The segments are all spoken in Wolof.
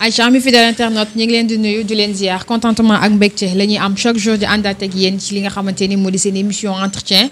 Aïcha mi fidèle internet ñu ngi leen di nuyu di leen ziar contentement ak mbégte la ñuy am chaque jour di àndaat ak yéen ci li nga xamante ni moo di seen émission entretien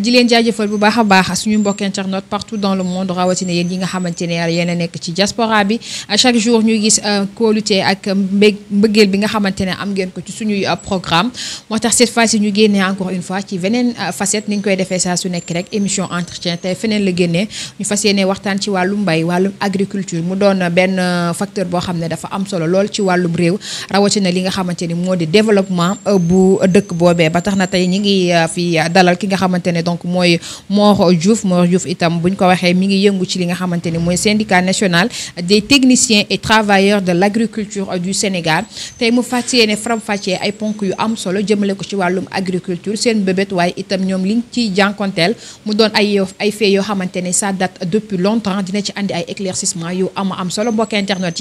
di leen jaajëfal bu baax a baax suñu mbokk internet partout dans le monde rawatina yéen yi nga xamante ne yéen a nekk ci diaspora bi chaque jour ñuy gis euh, kóolute ak mbég mbëggeel bi nga xamante ne am ngeen ko ci suñuy euh, programme moo tax cette fois ci ñu génnee encore une fois ci beneen euh, facette ni ñu koy defee saa su nekk rek émission entretien tey feneen la génnee ñu fas yéene waxtaan ci wàllu mbay wàllu agriculture mu doon benn facteur boo xam ne ne dafa am solo lol ci wàllum réew rawatina li nga xamanteni développement euh, bu bout euh, bobé ba taxna tay ñi ngi euh, fi dalal ki nga donc moy Mor Diouf Mor Diouf itam buñ ko waxé mi ngi yëngu ci li nga xamanteni moy syndicat national des techniciens et travailleurs de l'agriculture du Sénégal tay mu fàccee né fram fàccee ay ponk yu am solo jëmele ko ci walum agriculture seen bébét way itam ñom liñ ci jankontel mu don ay ay yo xamanteni ça date depuis longtemps dina ci andi ay éclaircissement yu am am solo mbokk internet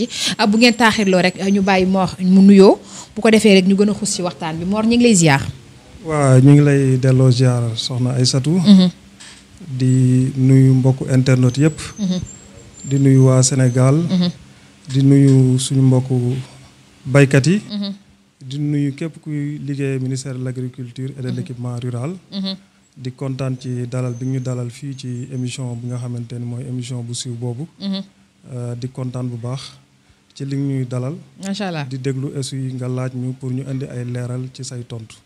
bu ngeen taxir lo rek ñu bàyyi mo mu nuyo bu ko defé rek ñu gëna a ci waxtaan bi Mor ñu ngi lay ziar. wa ñu ngi lay delloo ziar soxna Aysatu mm-hmm. di nuyu mbokku internet yëpp. Mm-hmm. di nuyu wa Sénégal. Mm-hmm. di nuyu suñu mbokku baykat yi. di nuyu képp kuy liggéey ministère de l'agriculture et de l' équipement rural. di contane ci dalal bi ñu dalal fii ci émission bi nga xamante ni mooy émission bu siiw boobu. Euh, di contane bu baax. ci li ñuy dalal. macha allah di déglu esu yi nga laaj mi pour ñu indi ay leeral ci say tontu.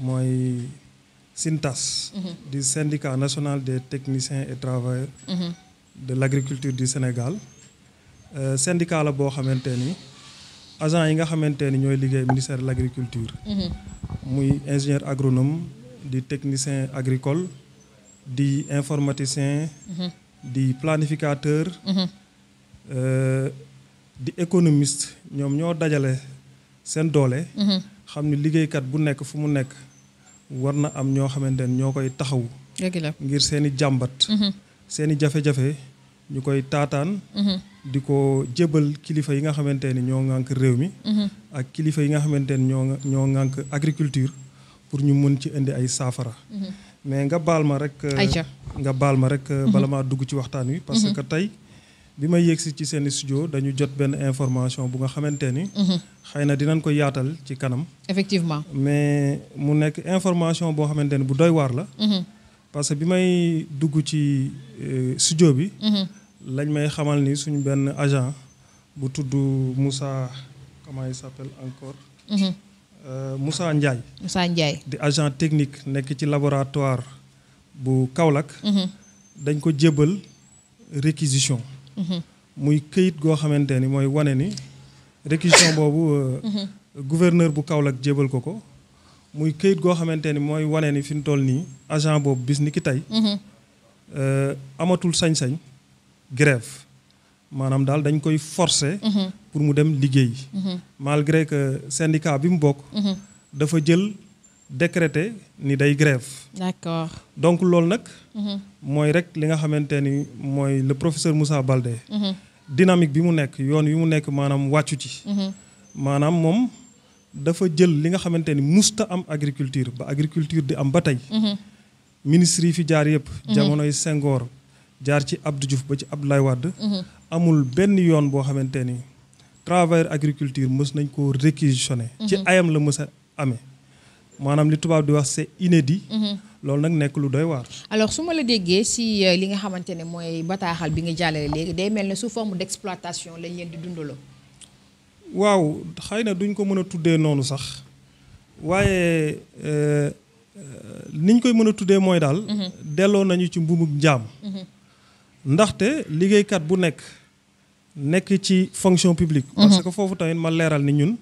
suis Sintas, mm-hmm. du syndicat national des techniciens et travailleurs mm-hmm. de l'agriculture du Sénégal euh, syndicat la boo xamante ni agent yi nga xamante ni ministère de l'agriculture mm-hmm. muy ingénieur agronome di technicien agricole di informaticien di planificateur euh, di économiste ñoom ñoo dajale seen doole les ni liggéeykat bu nekk fu mu war na am ñoo xamante ne ñoo koy taxaw ngir seeni jàmbat mhm. seen i jafe-jafe ñu koy taataan mhm. di ko jébal kilifa yi nga xamante ni ñoo ŋànk réew mi mhm. ak kilifa yi nga xamante ni ñoo ñoo ŋànk agriculture pour ñu mën ci indi ay saafara mais nga baal ma rek nga baal ma rek bala maa dugg ci waxtaan wi parce que tey bi ma yegsi ci seen studio dañu jot benn information bu nga xamante ni. Mhm. xëy na dinañ ko yaatal ci kanam. effectivement mais mu nekk information boo xamante ni bu doy waar la. Mhm. parce que bi may dugg ci euh, studio bi. Mhm. lañ may xamal ni suñu benn agent bu tudd Moussa comment il s'appelle encore. Euh, Moussa Ndiaye. Moussa Ndiaye di agent technique nekk ci laboratoire bu Kaolack. dañ ko jébbal réquisition. muy këyit goo xamante ni mooy wane ni réquisition boobu euh, gouverneur bu Kaolack jébal ko ko muy këyit goo xamante ni mooy wane ni fi mu toll nii agent boobu bis ni ki tey euh, amatul sañ-sañ grève maanaam daal dañ koy forcer pour mu dem liggéey malgré que syndicat bi mu bokk mhm. dafa jël décrété ni day grève. d'accord donc loolu nag. Mhm. mooy rek li nga xamante ni mooy le professeur Moussa balde mhm. dynamique bi mu nekk yoon wi mu nekk maanaam wàccu ci. Mhm. maanaam moom dafa jël li nga xamante ni musta am agriculture ba agriculture di am ba tey. ministre yi fi jaar yëpp. jamonoy Senghor jaar ci Abdou Diouf ba ci Abdoulaye Wade. amul benn yoon boo xamante ni travailleur agriculture mës nañ koo réquisitionné. ci ayam la mës a amee. manam li tubaab di wax c'est inédit. Mhm. loolu nag nekk lu doy waar. alors su ma la déggee si euh, li nga xamante ne mooy bataaxal bi nga jàllale léegi day mel ne sous forme d'exploitation lañ leen di dundaloo. waaw xëy na duñ ko mën a tuddee noonu sax waaye euh, niñ koy mën a tuddee mooy daal. Mhm. delloo nañu ci mbuumug njaam. Mhm. ndaxte liggéeykat bu nekk nekk ci fonction publique. parce que foofu tamit ma leeral ni ñun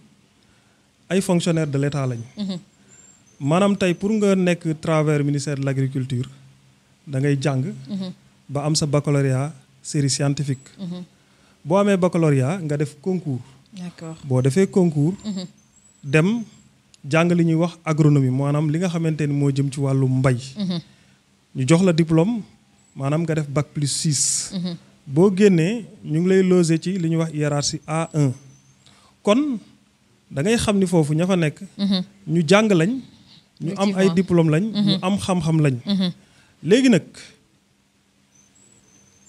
ay fonctionnaires de l'État lañu. manam tay pour nga nek travers ministère de l'agriculture da ngay jang mm -hmm. ba am sa baccalauréat série scientifique. mm -hmm. bo amé baccalauréat nga def concours. d'accord bo defee concours. mm -hmm. dem jang li ñuy wax agronomie manam li nga xamanteni mo jëm ci walu mbay. mm -hmm. ñu jox la diplôme manam nga def bac plus 6. mm -hmm. bo génné ñu ngi lay loger ci li ñuy wax hiérarchie A1 kon da ngay xamni fofu ñafa nek fa nekk. Mhm. ñu jang lañ. mm -hmm. ñu am ay diplôme lañ. ñu mhm. am xam-xam lañ. Mhm. léegi nag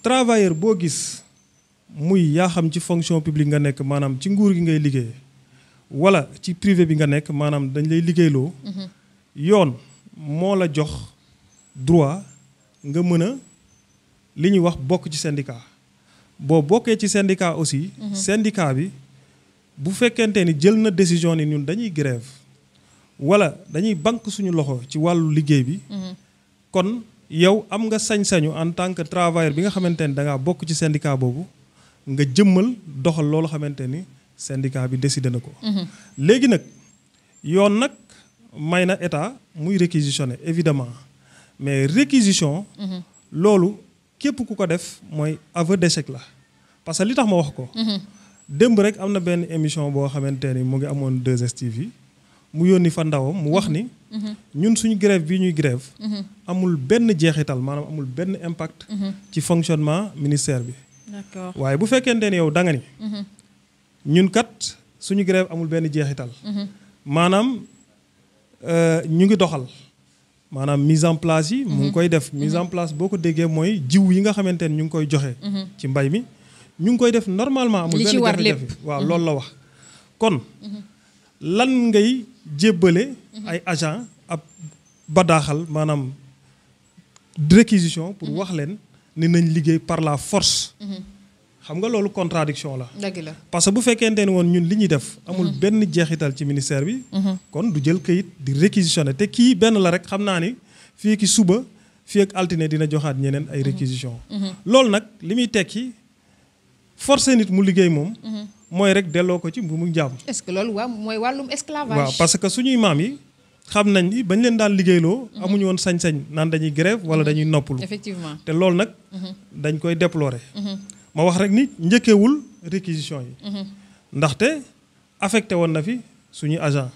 travailleur boo gis muy yaaxam ci fonction publique nga nekk maanaam ci nguur gi ngay liggéey wala ci privé bi nga nekk maanaam dañ lay liggéeyloo. Mhm. yoon moo la jox droit nga mën a li ñuy wax bokk ci syndicat boo bokkee ci syndicat aussi. syndicat bi bu fekkente ni jël na décision ni ñun dañuy grève. wala dañuy banque suñu loxo ci wàllu liggéey bi. Mhm. kon yow am nga sañ-sañu en tant que travailleur bi nga xamante ni da ngaa bokk ci syndicat boobu nga jëmmal doxal loolu xamante ni syndicat bi décidé na ko. Mhm. léegi nag yoon nag may na état muy réquisitionner évidement mais réquisition. Mhm. loolu képp ku ko def mooy aveu d'échec la parce que li tax ma wax ko. démb rek am na benn émission boo xamante ni mu ngi amoon 2STV. mu yónni fa ndawam mu wax ni. Mhm. ñun suñu grève bi ñuy grève. Mhm. amul benn jeexital maanaam amul benn impact. Mhm. ci fonctionnement ministère bi. waaye bu fekkente ne yow da ni. ñun kat suñu grève amul benn jeexital. maanaam euh, ñu ngi doxal. maanaam mise en place yi. mu ngi koy def mise en place boo ko déggee mooy jiw yi nga xamante ne ñu ngi koy joxe. ci mbay mi ñu ngi koy def normalement. amul benn jafe-jafe lépp waaw loolu la wax kon. lan ngay jébbale ay agent ab badaaxal maanaam réquisition pour mhm. wax leen ni nañ liggéey par la force mhm. xam nga loolu contradiction la dëgg la parce que bu fekkente ne woon ñun li ñuy def amul mhm. benn jeexital ci ministère bi kon du jël kayit di réquisitionné te kii benn la rek xam naa ni fii ki suba fii ak altine dina joxaat ñeneen ay réquisition loolu nag li muy tekki force nit mu liggéey moom mooy rek delloo ko ci mbuumu njaam. est-ce que loolu waaw parce que suñuy maam yi xam nañ ni bañ leen daan liggéeyloo. Mhm. amuñu woon sañ-sañ naan dañuy grève wala mhm. dañuy noppalu. effectivement te loolu nag. Mhm. dañ koy déplorer. ma wax rek ni njëkkewul réquisition yi. ndaxte affecté woon na fi suñu agent.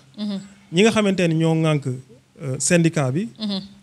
ñi nga xamante ni ñoo ŋànk euh, syndicat bi.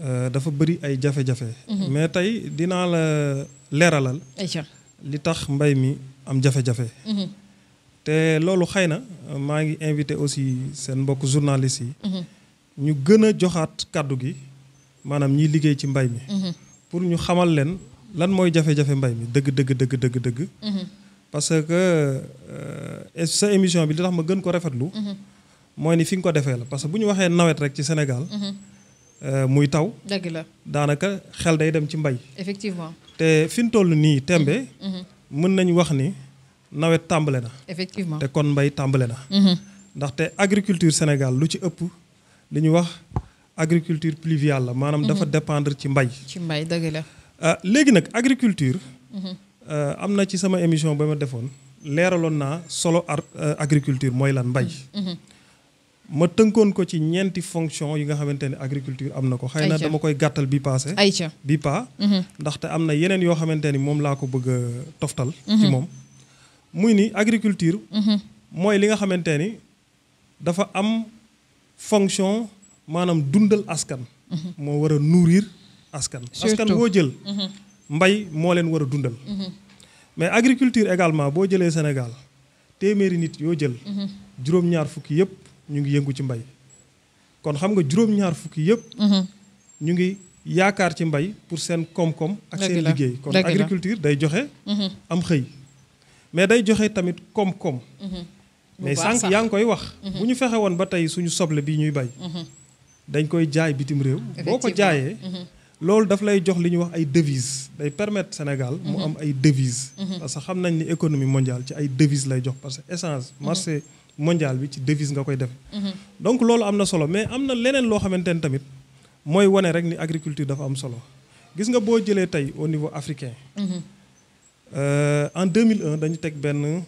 Euh, dafa bëri ay jafe-jafe. Mhm. mais tey dinaa la leeralal. li tax mbay mi am jafe-jafe. Mhm. te loolu xëy na euh, maa ngi invité aussi seen mbokk journaliste yi. Mhm. ñu gën a joxaat kàddu gi maanaam ñiy liggéey ci mbay mi. pour ñu xamal leen lan mooy jafe-jafe mbay mi dëgg dëgg dëgg dëgg dëgg. que euh, sa émission bi li tax ma gën ko rafetlu. mooy ni fi nga ko defee la parce que bu ñu waxee nawet rek ci Sénégal. Euh, muy taw. dëgg daanaka xel day dem ci mbay. effectivement te fi ñu toll nii tembe. Mm-hmm. Mm-hmm. mën nañu wax ni nawet tàmbale na. effectivement te kon mbay tàmbale na. Mm-hmm. ndaxte agriculture Sénégal lu ci ëpp li ñu wax agriculture pluvial la maanaam dafa dépendre ci mbay. ci mbay dëgg euh, léegi nag agriculture. Euh, am na ci sama émission ba ma defoon leeraloon naa solo agriculture mooy lan mbay. ma tënkoon ko ci ñeenti fonction yi nga xamante ne agriculture am na ko xëy na dama koy gàttal bi passé bi pa mhm. ndaxte am na yeneen yoo xamante ni moom laa ko bëgg a toftal ci mhm. moom muy ni agriculture mhm. mooy li nga xamante ni dafa am fonction maanaam dundal askan moo war a nourrir askan askan boo jël mbay moo leen war a dundal mais agriculture également boo jëlee Sénégal téeméeri nit yoo jël juróom-ñaar fukki yëpp ñu ngi yëngu ci mbay kon xam nga juróom-ñaar fukki yëpp mhm. ñu ngi yaakaar ci mbay pour seen koom-koom ak seen liggéey kon agriculture day joxe mhm. am xëy mais day joxe tamit koom-koom mhm. mais sànq yaa ngi koy wax bu ñu fexe woon ba tey suñu soble bi ñuy bay dañ koy jaay bitim réew boo ko jaayee loolu daf lay jox li ñuy wax ay devises day permettre Sénégal mu am ay devises parce que xam nañ ni économie mondiale ci ay devises lay jox parce que essence marché mondial bi ci devise nga koy defe mhm. donc loolu am na solo mais am na leneen loo xamante ne tamit mooy wane rek ni agriculture dafa am solo gis nga boo jëlee tey au niveau africain mhm. euh, en mille un dañu teg benn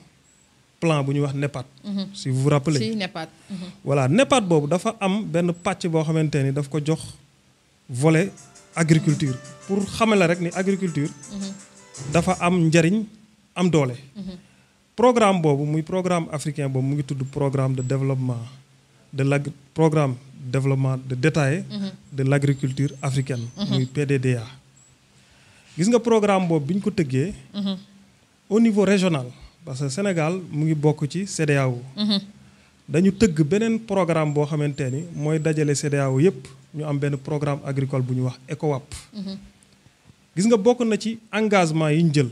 plan bu ñuy wax NEPAD mhm. si vous vous si NEPAD voilà NEPAD boobu dafa am benn pàcc boo xamante ni daf ko jox vole agriculture pour xamale rek ni agriculture dafa am njariñ am doole programme boobu muy programme africain boobu mu ngi tudd programme de développement de l' programme développement de détaillé mhm. de l' agriculture africaine mhm. muy PDDA gis nga programme boobu bi ñu ko tëggee mhm. au niveau régional parce que Sénégal mu ngi bokk ci CEDEAO dañu tëgg beneen programme boo xamante ni mooy dajale CEDEAO yépp ñu am benn programme agricole bu ñu wax ECOWAP gis nga bokk na ci engagement yi ñu jël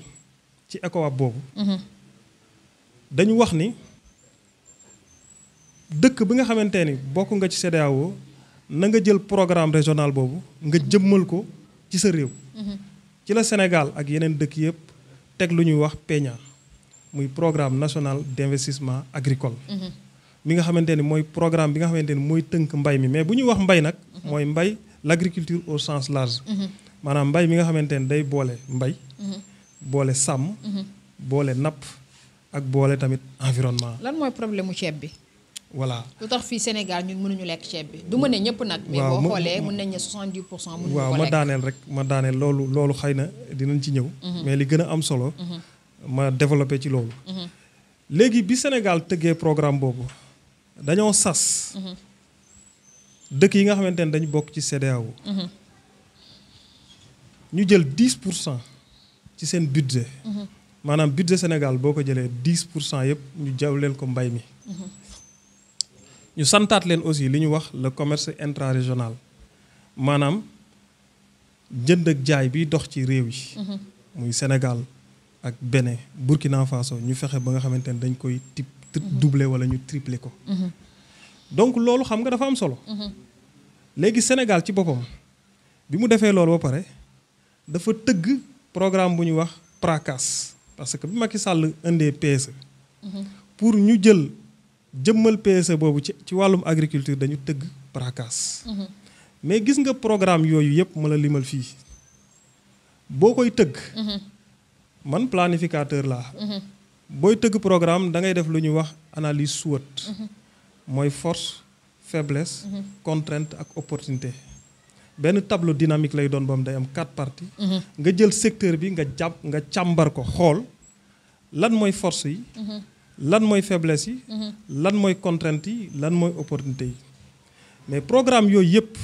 ci ECOWAP boobu dañu wax ni dëkk bi nga xamante ni bokk nga ci CEDEAO na nga jël programme régional boobu nga jëmmal ko ci sa réew. Mhm. ci la Sénégal ak yeneen dëkk yëpp teg lu ñuy wax PENA muy programme national d'investissement agricole. Mhm. mi nga xamante ni mooy programme bi nga xamante ni mooy tënk mbay mi mais bu ñuy wax mbay nag. Mhm. mooy mbay l'agriculture au sens large. maanaam mbay mi nga xamante ni day boole mbay. boole sàmm. boole napp. ak boole tamit environnement. lan mooy problème mu ceeb bi. voilà lu tax fii Sénégal ñun mënuñu lekk ceeb bi du ma ne ñëpp nag. mais boo xoolee mën ne 70 pour cent. mënuñu ko waaw ma daaneel rek ma daaneel loolu loolu xëy na dinañ ci ñëw. Mhm. mais li gën a am solo. Mhm. ma développé ci loolu. Mhm. léegi bi Sénégal tëggee programme boobu dañoo sas. dëkk yi nga xamante ne dañu bokk ci CEDEAO. ñu jël 10 pour cent ci seen budget. maanaam budget Sénégal boo ko jëlee 10 pour cent yëpp ñu jawleel ko mbay mi. ñu santaat leen aussi li ñu wax le commerce intra-régional maanaam jënd ak jaay bi dox ci réew yi. muy Sénégal ak Bénin Burkina Faso ñu fexe ba nga xamante ne dañ koy tip doubler wala ñu tripler ko. donc loolu xam nga dafa am solo. léegi Sénégal ci boppam bi mu defee loolu ba pare dafa tëgg programme bu ñu wax PRACAS. parce que bi Macky sàll indee PSE. Mhm. pour ñu jël jëmmal PSE boobu ci ci wàllum agriculture dañu tëgg braquage. Mhm. mais gis nga programme yooyu yëpp ma la limal fii boo koy tëgg. Mhm. man planificateur laa. booy tëgg programme da ngay def lu ñuy wax analyse SWOT. mooy force faiblesse. contrainte ak opportunité. benn tableau dynamique lay doon boobu day am quatre parties. Mhm. nga jël secteur bi nga jàpp nga càmbar ko xool lan mooy force yi. Mhm. lan mooy faiblesse yi. Mhm. lan mooy contrainte yi lan mooy opportunité yi. mais programme yooyu yëpp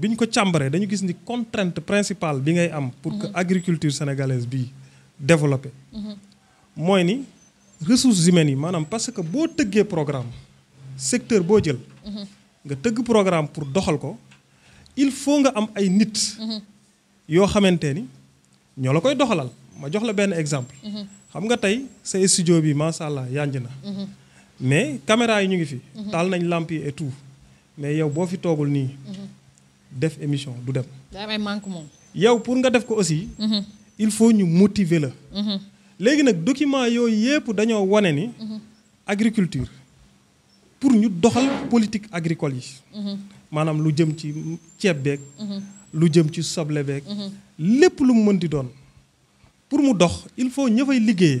bi ñu ko càmbaree dañu gis ni contrainte principale bi ngay am. pour que agriculture sénégalaise bi développé. mooy ni ressources humaines yi maanaam parce que boo tëggee programme secteur boo jël. nga tëgg programme pour doxal ko. il faut nga am ay nit. Mm-hmm. yoo xamante ni ñoo la koy doxalal ma jox la benn exemple. Mm-hmm. xam nga tey sa studio bi macha allah na. Mm-hmm. mais caméra yi ñu ngi fi. taal nañ lamp et tout mais yow boo fi toogul nii. def émission du dem. daa may manque moom. yow pour nga def ko aussi. il faut ñu motiver la. léegi nag document yooyu yépp dañoo wane ni. agriculture pour ñu doxal politique agricole yi manam lu jëm ci ceeb beeg. Mhm. lu jëm ci mhm. lu mu doon. pour mu dox il faut que nous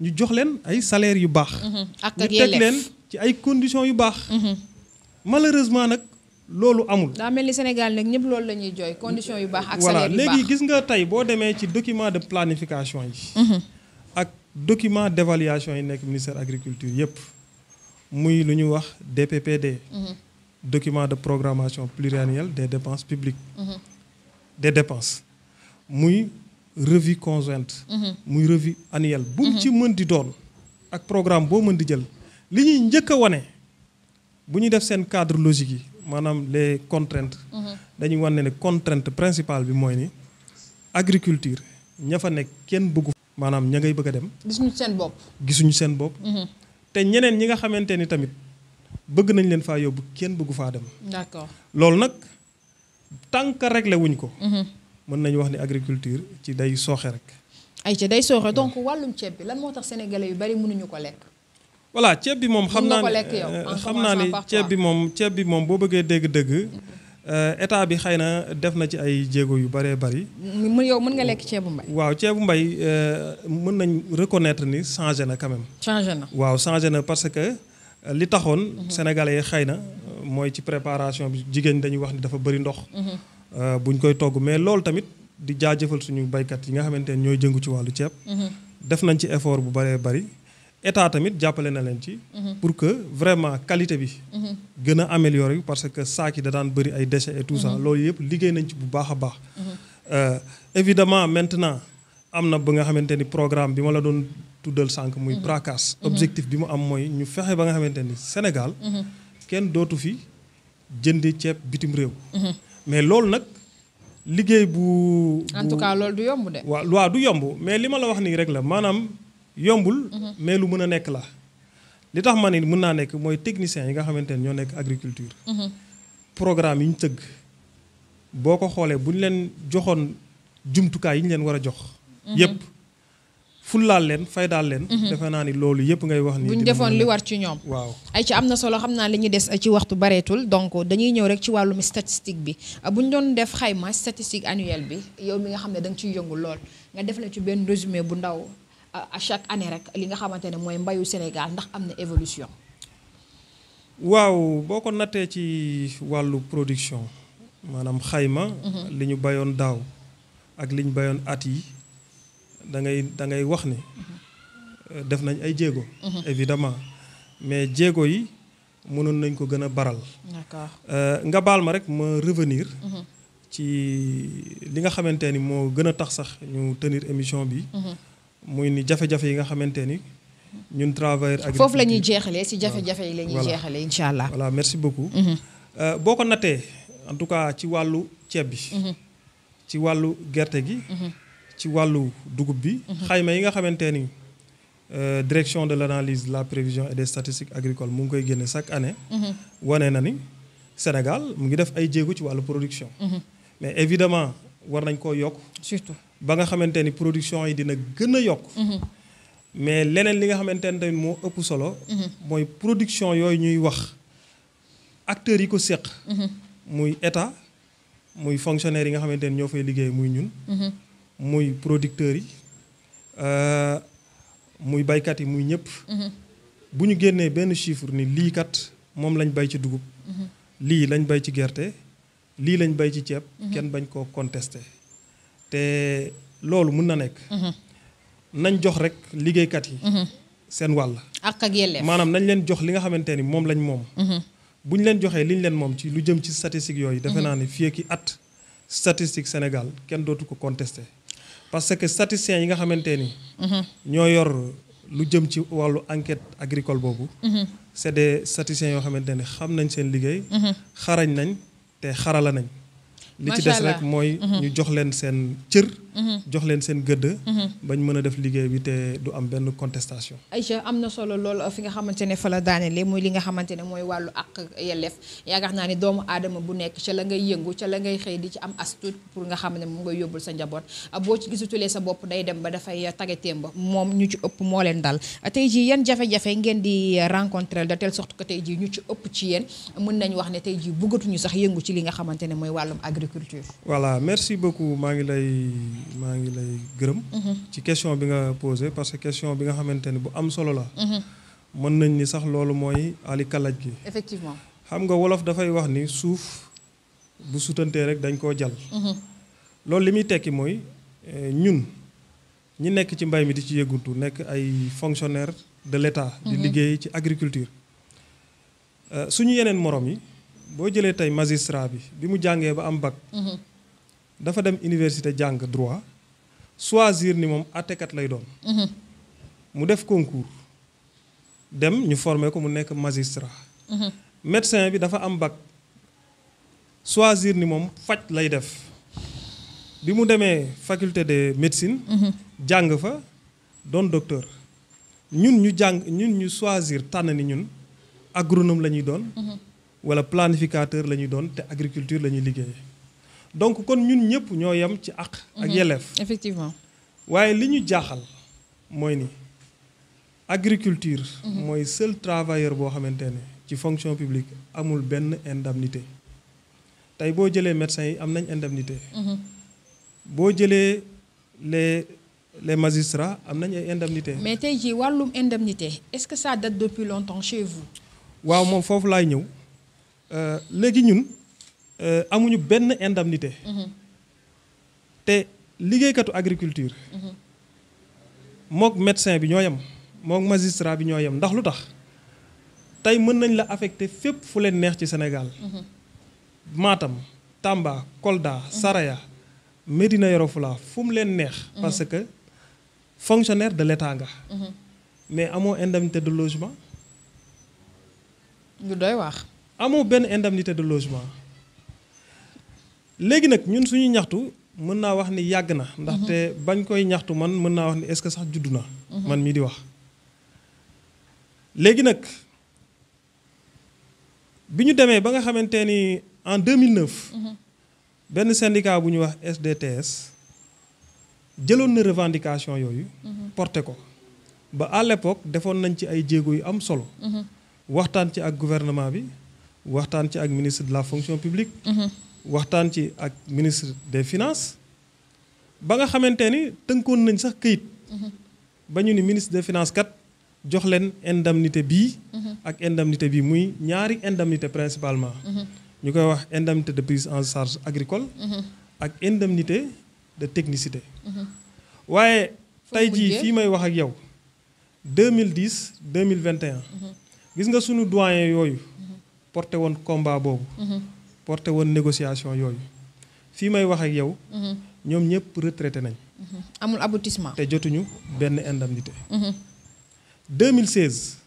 ñu jox leen ay salaires yu baax. Mhm. ak ak conditions malheureusement ce amul. le melni conditions yu salaire yu voilà gis nga de planification yi. ak document d'évaluation yi ministère agriculture l'Agriculture, muy lu ñu DPPD document de programmation pluriannuelle des dépenses publiques. Mm -hmm. des dépenses muy revue conjointe. Mhm. muy revue annuelle. bu mu mhm. ci mën di doon ak programme bo mën di jël li ñuy njëkk a bu ñu def seen cadre logique yi maanaam les contraintes. Mhm. dañuy wane ne contrainte principale bi mooy ni agriculture ña fa nekk kenn bëggu. maanaam ña ngay bëgg a dem. gisuñu seen bopp. gisuñu seen bopp. te ñeneen ñi nga xamante ni tamit. bëgg nañ leen faa yóbbu kenn bëggu faa dem. d'accord loolu nag tànk réglé wuñ ko. Mhm. mën nañu wax ni agriculture ci day sooxe rek. ay ci day sooxe donc wàllum ceeb bi lan moo tax sénégalais yu bari mënuñu ko lekk. voilà ceeb bi moom xam naa ne euh, xam naa ni ceeb bi moom ceeb bi moom boo bëggee dégg-dégg. Mhm. Euh, état bi xëy na def na ci ay jéego yu bëree bëri. yow mën nga lekk ceebu mbay. waaw ceebu mbay euh, mën nañ reconnaître ni changé na quand même. changé na waaw changé na parce que. li taxoon sénégal yi xëy na mooy ci préparation bi jigéen dañuy wax ni dafa bëri ndox euh, buñ koy togg mais loolu tamit di jaajëfal suñu baykat yi nga xamante ne ñooy jëngu ci wàllu ceeb def nañ ci effort bu bëree bëri état tamit jàppale na leen ci pour que vraiment qualité bi gën a améliorer parce que saak yi da daan bëri ay déchets et tout ça loolu yëpp liggéey nañ ci bu baax a baax euh, évidemment maintenant amna ba nga xamanteni programme bima la don tuddal sank muy mhm. PRACAS mhm. objectif bima am moy ñu fexé ba nga xamanteni Sénégal mhm. kenn dootu fi jëndé ciép bitim réew mais lool nak liggéey bu en tout cas lool du yomb dé wa loi du yomb mais lima la wax ni rek la manam yombul mais lu mëna nek la li tax man ni mën naa nekk mooy techniciens yi nga xamanteni ño nek agriculture programme yi ñu tëgg boo ko xoolee bu ñu leen yi jox Mm-hmm. yëpp fullaal leen faydaal leen. Mm-hmm. defe naa ni loolu yëpp ngay wax ni. bu ñu defoon li war ci ñoom. waaw ay ci am na solo xam naa li ñu des ci waxtu bareetul donc dañuy ñëw rek ci wàllum statistique bi euh, bu ñu doon def xayma statistique annuel bi yow mi nga xam ne danga nga ciy yëngu lool nga def la ci benn résumé bu ndaw a euh, chaque année rek li nga xamante ne mooy mbayu Sénégal ndax am na évolution. waaw boo ko nattee ci wàllu production maanaam xayma. Mm-hmm. li ñu bayoon daaw ak li bayoon at yi. da ngay da wax ni mhm. def nañ ay jéego. Mhm. évidemment mais jéego yi mënoon nañ ko gën a baral. d'accord euh, nga baal ma rek ma revenir. Mhm. ci li nga xamante ni moo gën a tax sax ñu tenir émission bi. muy ni jafe-jafe yi nga xamante ni ñun travailleur agriculture foofu la ñuy jeexalee si jafe-jafe yi la ñuy jeexalee incha allah. voilà merci beaucoup. Euh, boo ko nattee en tout cas ci wàllu ceeb bi. ci wàllu gerte gi. ci walu dugub bi. Mhm. xayma yi nga xamante ni euh, direction de l' analyse la prévision et des statistiques agricoles mu ngi koy génne chaque année. Mhm. wane na ni Sénégal mu ngi def ay jéego ci wàllu production. Mhm. mais évidemment war nañ koo yokk. surtout ba nga xamante ni production yi dina gën a yokk. mais leneen li nga xamante ne tamit moo ëpp solo. mooy production yooyu ñuy wax acteurs yi ko seq. muy état muy fonctionnaire yi nga xamante ni ñoo fay liggéey muy ñun. muy producteurs yi euh, muy baykat yi muy ñëpp. Mm-hmm. bu ñu génnee benn chiffre ni lii kat moom lañ bay ci dugub. Mm-hmm. lii lañ bay ci gerte lii lañ bay ci ceeb. Mm-hmm. kenn bañ koo contesté te loolu mun na nekk. nañ jox rek liggéeykat yi. seen wàll. ak maanaam nañ leen jox li nga xamante ni moom lañ moom. bu ñu leen joxee li ñu leen moom ci lu jëm ci statistiques yooyu. defe naa ne fii at statistique Sénégal kenn dootu ko contesté. parce que statisticiens yi nga xamante ni. Mhm. ñoo yor lu jëm ci wàllu enquête agricole boobu. Mhm. c'est des statisticiens yoo xamante ne xam nañ seen liggéey. Mhm. xarañ nañ te xarala nañ. li ci des rek mooy. ñu jox leen seen cër. Mm-hmm. jox leen seen gëdd. Mm-hmm. bañ mën a def liggéey bi te du am benn contestation. Aïcha am na solo lool fi nga xamante ne fa la daanelee muy li nga xamante ne mooy wàllu ak yelleef yaakaar naa ni doomu aadama bu nekk ca la ngay yëngu ca la ngay xëy di ci am astut pour nga xam ne mu ngay yóbbul sa njaboot boo ci gisutulee sa bopp day dem ba dafay tageteem ba moom ñu ci ëpp moo leen dal tey jii yan jafe-jafe ngeen di rencontrer de telle sorte que tey jii ñu ci ëpp ci yéen mën nañ wax ne tey jii bëggatuñu sax yëngu ci li nga xamante ne mooy wàllum agriculture. voilà merci beaucoup maa ngi lay maa ngi lay gërëm. Mm-hmm. ci question bi nga posé parce que question bi nga xamante ni bu am solo la. Mm-hmm. mën nañ ni sax loolu mooy ali kalaj gi. effectivement xam nga wolof dafay wax ni suuf bu sutantee rek dañ koo jal mm-hmm. loolu li muy tekki mooy eh, ñun ñi nekk ci mbay mi di ci yëgguntu nekk ay fonctionnaire de l'État. di liggéey ci agriculture. Eh, suñu yeneen moroom yi boo jëlee tey magistrat bi bi mu jàngee ba am bac. dafa dem université jàng droit choisir ni moom àttekat lay doon. Mhm. mu def concours dem ñu former ko mu nekk magistrat. Mhm. médecin bi dafa am bac choisir ni moom faj lay def bi mu demee faculté de médecine. Mhm. jàng fa doon docteur ñun ñu jàng ñun ñu choisir tànn ni ñun agronome la ñuy doon. wala planificateur la ñuy doon te agriculture la ñuy liggéeyee. donc kon ñun ñëpp ñoo yem ci ak ak mhm. yelef effectivement waaye li ñu jaaxal mooy ni agriculture mhm. mooy seul travailleur boo xamante ne ci fonction publique amul benn indemnité tey boo jëlee médecins yi am nañ indemnité mhm. boo jëlee les les magistrats am nañ indemnité mais tey jii wàllum indemnité est-ce que ça date depuis longtemps chez vous waaw moom foofu laay ñëw euh, léegi ñun Euh, amuñu benn indemnité. Mhm. te liggéeykatu agriculture. Mhm. mook médecin bi ñoo yam mook magistrat bi ñoo yem ndax lu tax tey mën nañ la affecté fépp fu leen neex ci Sénégal. Mhm. Matam Tamba Kolda Saraya Médina Yoro Foulah fu leen neex. parce que fonctionnaire de l'État nga. mais amoo indemnité de logement. lu doy wax. amoo benn indemnité de logement. léegi nag ñun suñu ñaxtu mën naa wax ni yàgg na. ndaxte mhm. bañ koy ñaxtu man mën naa wax ni est-ce que sax juddu na. Mhm. man mii di wax. léegi nag bi ñu demee ba nga xamante ni en 2009. Mhm. benn syndicat bu ñuy wax SDTS jëloon na revendication yooyu. porté ko ba à l'époque defoon nañ ci ay jéego yu am solo. waxtaan ci ak gouvernement bi waxtaan ci ak ministre de la fonction publique. waxtaan ci ak ministre des finances ba nga xamante ni tënkoon nañ sax këyit mm-hmm. ba ni ministre des finances kat jox leen indemnité bi mm-hmm. ak indemnité bi muy ñaari indemnité principalement mm-hmm. ñu koy wax indemnité de prise en charge agricole ak indemnité de technicité waaye tay ji fii may wax ak yow 2010 2021 gis nga sunu doyen yooyu porté woon combat boobu porté woon négociation yooyu fii may wax ak yow. Mhm. ñoom ñëpp retraité nañ. Mhm. amul aboutissement. te jotuñu benn indemnité. 2016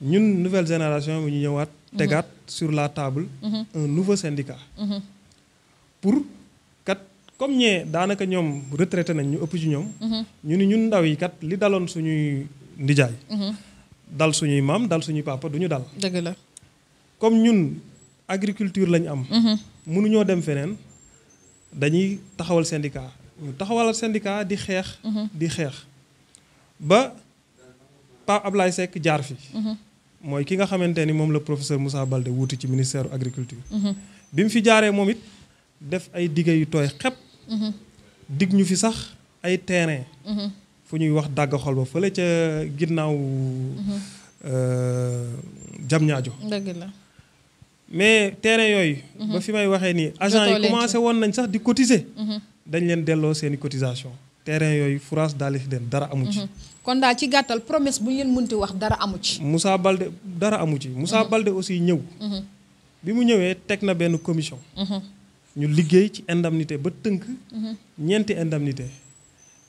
mhm. ñun nouvelle génération bi ñu ñëwaat. tegaat sur la table. un nouveau syndicat. pour kat comme ñee daanaka ñoom retraité nañ ñu ëpp ci ñoom. ñu ni ñun ndaw yi kat li daloon suñuy ndijaay. dal suñuy maam dal suñuy papa du dal. comme ñun. agriculture lañ am. Mhm. mënuñoo dem feneen dañuy taxawal syndicat ñu taxawal syndicat di xeex. Mhm. di xeex ba Pape Ablaye sekk jaar fi. Mhm. mooy ki nga xamante ni moom la professeur Moussa Baldé wuutu ci ministère agriculture. bi mu fi jaaree moom it def ay digge yu tooy xepp. dig ñu fi sax ay terrain. fu ñuy wax dàgg xol ba fële ca ginnaaw. jam euh, mais terrain yooyu. Mhm. ba fi may waxee nii agent yi commencé woon nañ sax di cotiser. Mhm. dañ leen delloo seeni cotisation terrain yooyu France daal fi dem dara amu ci. Mhm. kon daal ci gàttal promesse bu ñu leen mënti wax dara amu ci. Moussa Balde dara amu ci. Moussa Balde aussi ñëw. bi mu ñëwee teg na benn commission. ñu liggéey ci indemnité ba tënk. ñeenti indemnité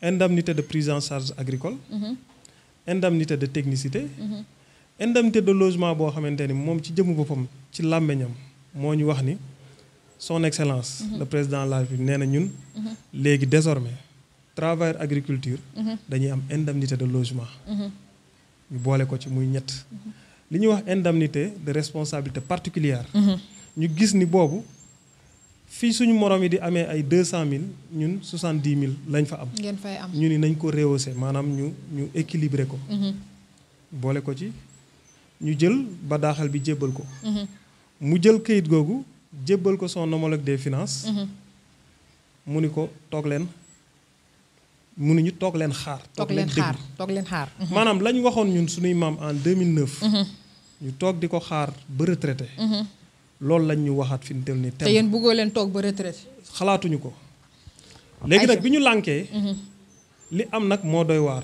indemnité de prise en charge agricole. indemnité de technicité. indemnité de logement boo xamante ni moom ci jëmu boppam ci làmmiñam moo ñu wax ni son excellence. Mhm. le président de la République nee na ñun. Mhm. léegi désormais travailleur agriculture. Mhm. dañuy am indemnité de logement. ñu boole ko ci muy ñett. li ñuy wax indemnité de responsabilité particulière ñu gis ni boobu fii suñu morom yi di amee ay deux cent mille ñun soixante dix mille lañ fa am. ngeen fay am ñu ni nañ ko rehausser maanaam ñu ñu équilibré ko. boole ko ci. ñu jël ba badaaxal bi jébbal ko. Mhm. mu jël kayit googu jébbal ko son homologue des finance mhm. mu ni ko toog leen mu ni ñu toog leen xaar. toog leen xaar toog leen xaar. Mhm. maanaam lañ waxoon ñun suñuy maam en 2009. ñu toog di ko xaar ba retraité. loolu lañ ñu waxaat fi mu toll nii. te yéen bëggoo leen toog ba retraité. xalaatuñu ko. léegi nag bi ñu lànkee. li am nag moo doy waar.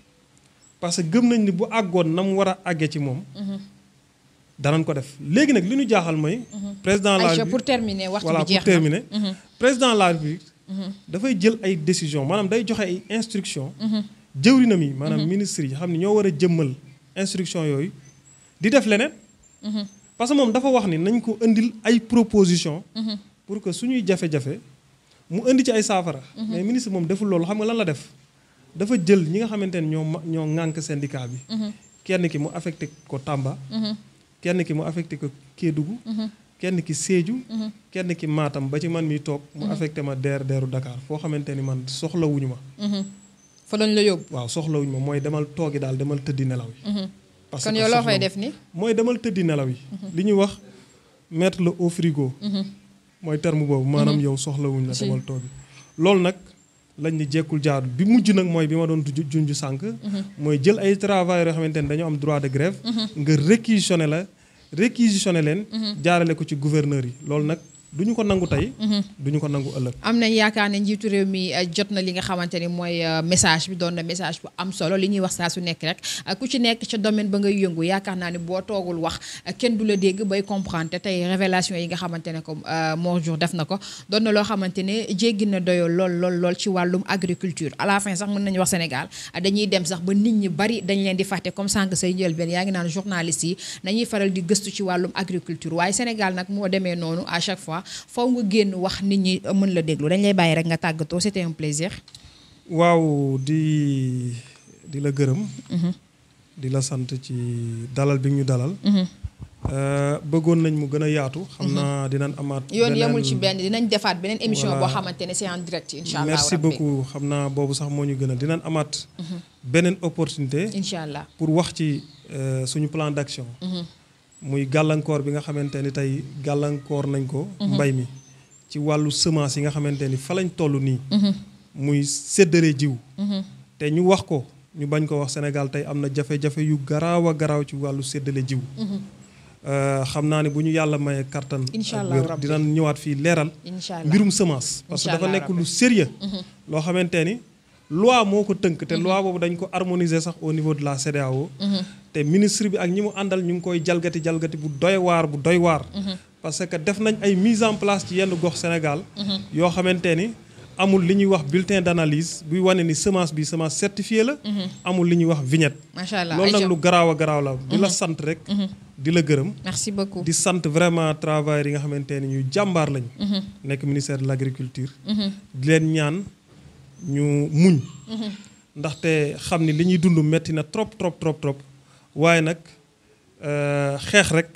parce que gëm nañ ni bu àggoon na mu war a àggee ci moom. Mhm. danañ ko def léegi nak li ñu jaaxal moy mhm. président la République pour terminer waxtu bi jeex na voilà pour terminer. Mhm. président la République da fay jël ay décision manam day joxe ay instruction jëwrinam yi maanaam ministre yi xam ne ñoo wara jëmmal instruction yoy di def leneen. parce que moom dafa wax ni nañ ko andil ay proposition pour que suñuy jafé jafé mu andi ci ay safara mais ministre mom deful loolu xam nga lan la def. dafa jël ñi nga xamante ne ñoo ñoo ŋànk syndicat bi. Mm-hmm. kenn ki mu affecté ko Tamba. Mm-hmm. kenn ki mu affecté ko Kédougou. Mm-hmm. kenn ki Sédhiou. kenn ki maatam ba ci man mi toog. mu affecté ma DER DERu Dakar foo xamante ni man soxlawuñu ma. fa lañ la yóbbu. waaw soxlawuñu ma mooy demal toogi daal demal tëddi nelaw yi. parce que kon yow loo fay def ni mooy demal tëddi nelaw yi. li ñuy wax mettre la au frigo. mooy terme boobu maanaam yow soxlawuñu la demal toogi loolu nag. lañ ne jekkul jaar bi mujj nag mooy bi ma doon ju sànq. mooy jël ay travailleurs yoo xamante ni dañoo am droit de grève. Mhm. nga réquisitionné la réquisitionné leen. Mhm. jaarale ko ci gouverneur yi loolu nag. duñu ko nangu tey. Mhm. duñu ko nangu ëllëg. am nañ yaakaar ne njiitu réew mi euh, jot na li nga xamante ni mooy euh, message bi doon na message bu am solo li ñuy wax saa su nekk rek euh, ku ci nekk ca domaine ba nga yëngu yaakaar naa ne boo toogul wax kenn du la dégg bay comprendre te tey révélation yi nga xamante ne ko Mor jour def na ko doon na loo xamante ne jéggi na doyo lool lool lool ci wàllum agriculture à la fin sax mën nañu wax Sénégal dañuy dem sax ba nit ñi bari dañ leen di fàtte comme sànq say njëlbeen yaa ngi naan journaliste yi nañuy faral di gëstu ci wàllum agriculture waaye Sénégal nag moo demee noonu à chaque fois fois faw nga génn wax nit ñi euh, mëna la déglu dañ lay bàyyi rek nga tàggatoo c'était un plaisir. waaw di di la gërëm. Mhm. di la sant ci dalal bi ñu dalal. Mhm. Euh, bëggoon nañ mu gëna a yaatu. xam mhm. dinañ amaat. yoon yamul ci benn dinañ defaat beneen émission bo xamante c'est en direct incha allah merci beaucoup xamna bobu sax moo ñu gën dinañ amaat. beneen opportunité. incha pour wax ci euh, suñu plan d'action. muy gàllankoor bi nga xamante ni tey gàllankoor nañ ko. Mhm. mbay mi ci wàllu semence yi nga xamante ni fa lañ toll nii. Mhm. muy séddale jiw. Mhm. te ñu wax ko ñu bañ ko wax Sénégal tey am na jafe-jafe yu garaaw a garaaw ci wàllu séddale jiw. Euh, xam naa ni bu ñu yàlla mayee kattan. incha allah dinañ ñëwaat fii leeral. mbirum semence. parce que dafa nekk lu sérieux loo xamante ni. loi moo ko tënk te loi bobu dañ ko harmoniser sax au niveau de la CDAO mhm. te ministre bi ak ñimu andal ñu koy jalgati jalgati bu doy war bu doy war mhm. parce que def nañ ay mise en place ci yenn gox Sénégal mhm. yo xamante amul li ñuy wax bulletin d'analyse bu wane ni semence bi semence certifiée la amul li ñuy wax vignette macha allah loolu nag lu garaaw a la di la sante rek di la gërëm merci beaucoup di sante vraiment travail yi nga xamanteni ni jambar lañ nek ministère de l'agriculture di len ñaan ñu muñ ndaxte xam ni li ñuy dund metti na trop trop trop trop waaye nag euh, xeex rek.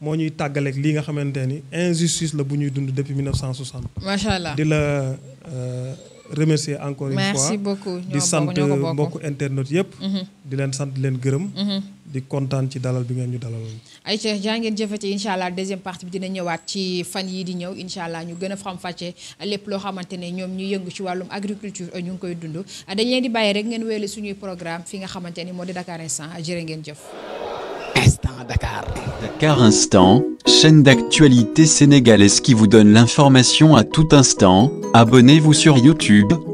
moo ñuy tàggaleek lii nga xamante ni injustice la bu ñuy dund depuis 1960. macha allah di la euh, remercier encore une fois. di sant mbokku internet yëpp. Mhm. di leen sant leen gërëm. Mhm. di kontaan ci dalal bi ngeen ñu dalaloon. ayca jaa ngeen jëfate incha allah deuxième partie bi dina ñëwaat ci fan yii di ñëw incha allah ñu gën a faram-fàccee lépp loo xamante ne ñoom ñu yëngu ci wàllum agriculture euh, ñu ngi koy dund dañ leen di bàyyi rek ngeen wéyale suñuy programme fi nga xamante ni moo di Dakar instant jërë ngeen jëf. instant Dakar. Dakar instant chaîne d'actualité sénégalaise qui vous donne l'information à tout instant abonnez-vous sur YouTube